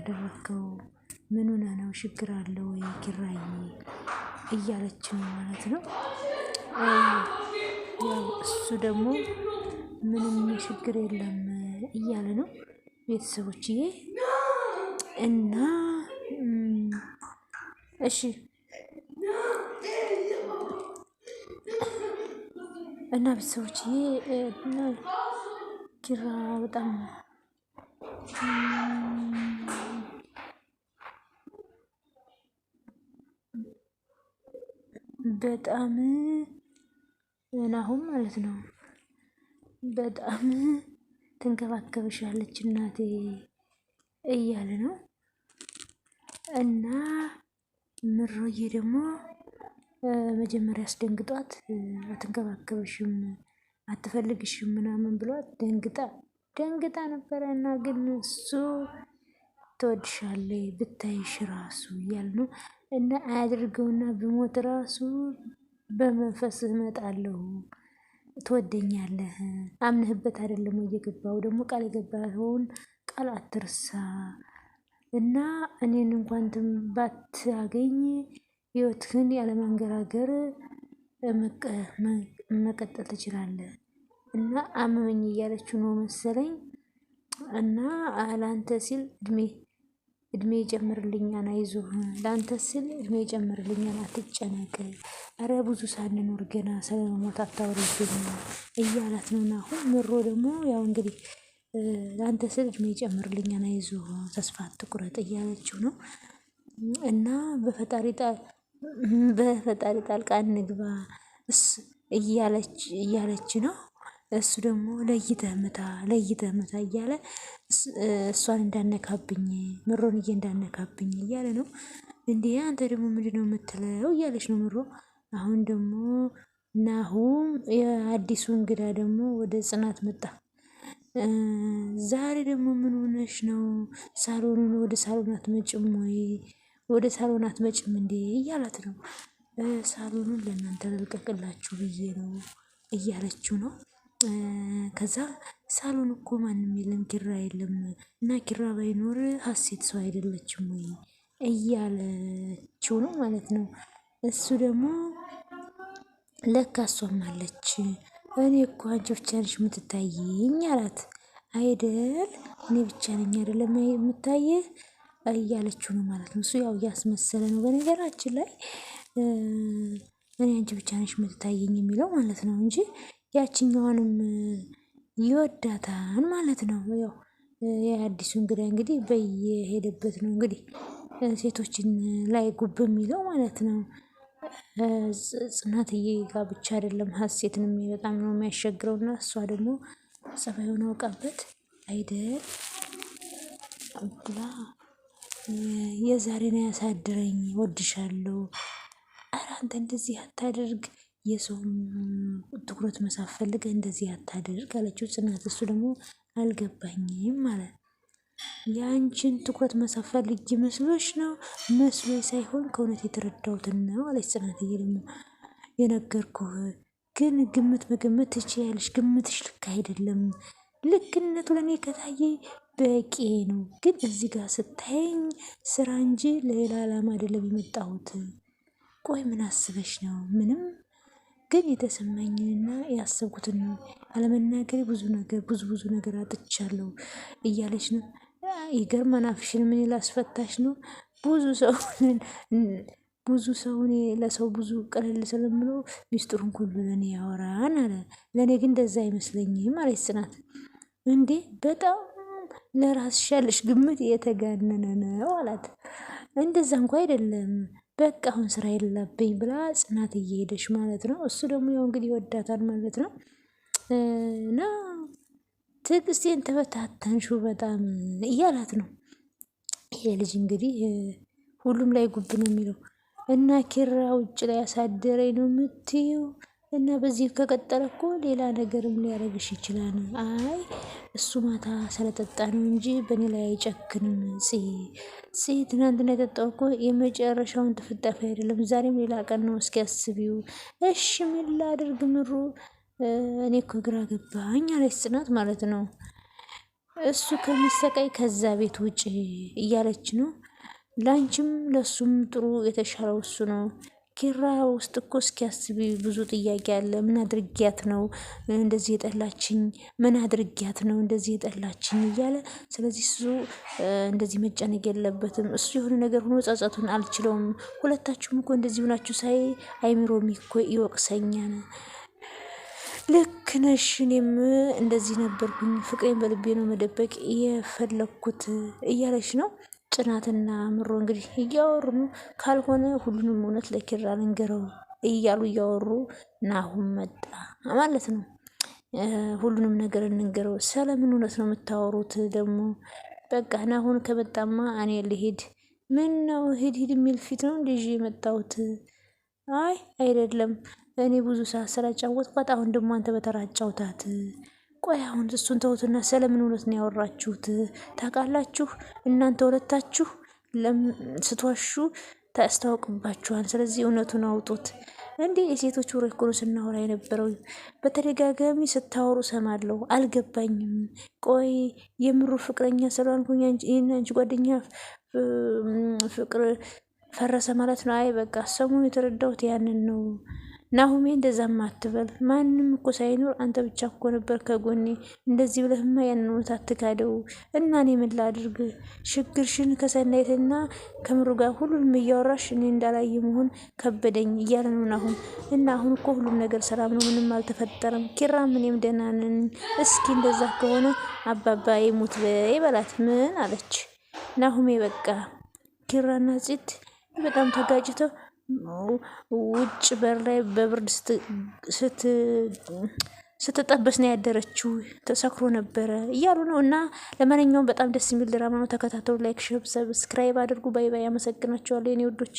ያደረግከው? ምን ሆነ ነው? ችግር አለ ወይ ኪራይ? እያለች ነው ማለት ነው። ያው እሱ ደግሞ ምንም ችግር የለም እያለ ነው ቤተሰቦችዬ እና እሺ እና ቤተሰቦችዬ ኪራ በጣም በጣም ናሁን ማለት ነው። በጣም ትንከባከብሻለች እናቴ እያለ ነው እና ምሮዬ ደግሞ መጀመሪያ አስደንግጧት አትንከባከብሽም አትፈልግሽም ምናምን ብሏት ደንግጣ ደንግጣ ነበረ እና ግን እሱ ትወድሻለህ ብታይሽ ራሱ እያል ነው እና አያድርገውና ብሞት ራሱ በመንፈስ እመጣለሁ። ትወደኛለህ አምነህበት አይደለም እየገባው ደግሞ ቃል የገባኸውን ቃል አትርሳ። እና እኔን እንኳን አገኝ ህይወትህን ያለማንገራገር መቀጠል ትችላለህ። እና አመመኝ እያለችው ነው መሰለኝ። እና አላንተ ሲል እድሜ እድሜ ይጨምርልኛል፣ አይዞህ ለአንተ ስል እድሜ ይጨምርልኛል፣ አትጨነቅ፣ እረ ብዙ ሳንኖር ገና ስለመሞት አታውሪብኝ እያላት ነው ናሁን። ምሮ ደግሞ ያው እንግዲህ ለአንተ ስል እድሜ ይጨምርልኛል፣ አይዞህ ተስፋ አትቁረጥ እያለችው ነው እና በፈጣሪ በፈጣሪ ጣልቃ እንግባ እያለች ነው እሱ ደግሞ ለይተህ ምታ ለይተህ ምታ እያለ እሷን እንዳነካብኝ ምሮንዬ እንዳነካብኝ እያለ ነው። እንዴ አንተ ደግሞ ምንድነው የምትለው እያለች ነው ምሮ። አሁን ደግሞ ናሁም የአዲሱ እንግዳ ደግሞ ወደ ጽናት መጣ። ዛሬ ደግሞ ምን ሆነሽ ነው ሳሎኑን ወደ ሳሎን አትመጭም ወይ ወደ ሳሎን አትመጭም እንዴ እያላት ነው። ሳሎኑን ለእናንተ ለልቀቅላችሁ ብዬ ነው እያለችው ነው። ከዛ ሳሎን እኮ ማንም የለም ኪራ የለም እና ኪራ ባይኖር ሀሴት ሰው አይደለችም ወይ እያለችው ነው ማለት ነው። እሱ ደግሞ ለካ እሷም አለች እኔ እኮ አንቺ ብቻ ነሽ የምትታየኝ አላት። አይደል እኔ ብቻ ነኝ አይደለም እያለችው ነው ማለት ነው። እሱ ያው እያስመሰለ ነው በነገራችን ላይ እኔ አንቺ ብቻ ነሽ የምትታየኝ የሚለው ማለት ነው እንጂ ያችኛዋንም ይወዳታል ማለት ነው። ያው የአዲሱ እንግዳ እንግዲህ በየሄደበት ነው እንግዲህ ሴቶችን ላይ ጉብ የሚለው ማለት ነው። ጽናትዬ ጋ ብቻ አይደለም ሀሴትንም በጣም ነው የሚያሸግረው እና እሷ ደግሞ ጸባዩን አውቃበት አይደል ብላ የዛሬን ያሳድረኝ ወድሻለሁ። ኧረ አንተ እንደዚህ አታደርግ የሰውም ትኩረት መሳብ ፈልገህ እንደዚህ አታደርግ አለችው ጽናት። እሱ ደግሞ አልገባኝም ማለት የአንቺን ትኩረት መሳብ ፈልጊ መስሎች ነው? መስሎ ሳይሆን ከእውነት የተረዳሁትን ነው አለች ጽናትዬ። ደግሞ የነገርኩህ ግን ግምት መገመት ትችያለሽ። ግምትሽ ልክ አይደለም። ልክነቱ ለእኔ ከታየ በቂ ነው። ግን እዚህ ጋር ስታየኝ ስራ እንጂ ለሌላ ዓላማ አይደለም የመጣሁት። ቆይ ምን አስበሽ ነው? ምንም ግን የተሰማኝንና ያሰብኩትን ነው። አለመናገሬ ብዙ ነገር ብዙ ብዙ ነገር አጥቻለሁ እያለች ነው። ይገርማል። አፍሽን ምን ይል አስፈታሽ ነው። ብዙ ሰውን ብዙ ሰውን ለሰው ብዙ ቀለል ስለምሎ ሚስጥሩን ሁሉ ለእኔ ያወራን አለ። ለእኔ ግን እንደዛ አይመስለኝም አለች ጽናት። እንዴ በጣም ለራስሽ ያለሽ ግምት እየተጋነነ ነው አላት። እንደዛ እንኳ አይደለም በቃ አሁን ስራ የለብኝ ብላ ጽናት እየሄደች ማለት ነው። እሱ ደግሞ ያው እንግዲህ ይወዳታል ማለት ነው። እና ትዕግስቴን ተበታተንሹ በጣም እያላት ነው። ይሄ ልጅ እንግዲህ ሁሉም ላይ ጉብ ነው የሚለው እና ኪራ ውጭ ላይ ያሳደረኝ ነው የምትይው እና በዚህ ከቀጠለ እኮ ሌላ ነገርም ሊያደርግሽ ይችላል። አይ እሱ ማታ ስለጠጣ ነው እንጂ በእኔ ላይ አይጨክንም። ጽ ጽ ትናንትና የጠጣው እኮ የመጨረሻውን ትፍጣፊ አይደለም። ዛሬም ሌላ ቀን ነው። እስኪ አስቢው። እሺ ምን ላድርግ ምሩ? እኔ እኮ ግራ ገባኝ አለች ጽናት ማለት ነው። እሱ ከሚሰቃይ ከዛ ቤት ውጭ እያለች ነው። ላንቺም ለሱም ጥሩ የተሻለው እሱ ነው። ኪራ ውስጥ እኮ እስኪያስብ ብዙ ጥያቄ አለ። ምን አድርጊያት ነው እንደዚህ የጠላችኝ? ምን አድርጊያት ነው እንደዚህ የጠላችኝ? እያለ ስለዚህ እሱ እንደዚህ መጨነቅ የለበትም። እሱ የሆነ ነገር ሆኖ ጸጸቱን አልችለውም። ሁለታችሁም እኮ እንደዚህ ሆናችሁ ሳይ አይምሮም እኮ ይወቅሰኛል። ልክ ነሽ። እኔም እንደዚህ ነበርኩኝ። ፍቅሬን በልቤ ነው መደበቅ የፈለግኩት እያለች ነው ጽናትና ምሮ እንግዲህ እያወሩ ነው። ካልሆነ ሁሉንም እውነት ለኪራ ልንገረው እያሉ እያወሩ ናሁም መጣ ማለት ነው። ሁሉንም ነገር እንንገረው። ስለምን እውነት ነው የምታወሩት? ደግሞ በቃ ናሁን ከመጣማ እኔ ልሄድ። ምን ነው ሂድ ሂድ የሚል ፊት ነው እንደ የመጣሁት? አይ አይደለም፣ እኔ ብዙ ሰዓት ስላጫወትኳት አሁን ደግሞ አንተ በተራ ቆይ አሁን እሱን ተውትና ስለምን እውነት ነው ያወራችሁት? ታውቃላችሁ እናንተ ሁለታችሁ ስትዋሹ ታስታውቅባችኋል። ስለዚህ እውነቱን አውጡት። እንዴ የሴቶች ወሬ እኮ ነው ስናወራ የነበረው። በተደጋጋሚ ስታወሩ ሰማለሁ፣ አልገባኝም። ቆይ የምሩ ፍቅረኛ ስለሆንኩኝ አንቺ ጓደኛ ፍቅር ፈረሰ ማለት ነው? አይ በቃ ሰሙን የተረዳሁት ያንን ነው። ናሁሜ እንደዛ ማትበል ማንም እኮ ሳይኖር አንተ ብቻ እኮ ነበር ከጎኔ። እንደዚህ ብለህማ ያንን እውነት አትካደው እና እኔ ምን ላድርግ? ችግርሽን ከሰናይትና ከምሩ ጋር ሁሉንም እያወራሽ እኔ እንዳላየ መሆን ከበደኝ እያለ ነው ናሁም። እና አሁን እኮ ሁሉም ነገር ሰላም ነው፣ ምንም አልተፈጠረም። ኪራም እኔም ደህና ነን። እስኪ እንደዛ ከሆነ አባባ የሙት በይ በላት። ምን አለች ናሁሜ? በቃ ኪራና ጽት በጣም ተጋጭተው ውጭ በር ላይ በብርድ ስትጠበስ ነው ያደረችው፣ ተሰክሮ ነበረ እያሉ ነው። እና ለማንኛውም በጣም ደስ የሚል ድራማ ነው። ተከታተሉ። ላይክ፣ ሼር፣ ሰብስክራይብ አድርጉ። ባይ ባይ። አመሰግናቸዋለሁ የኔ ውዶች።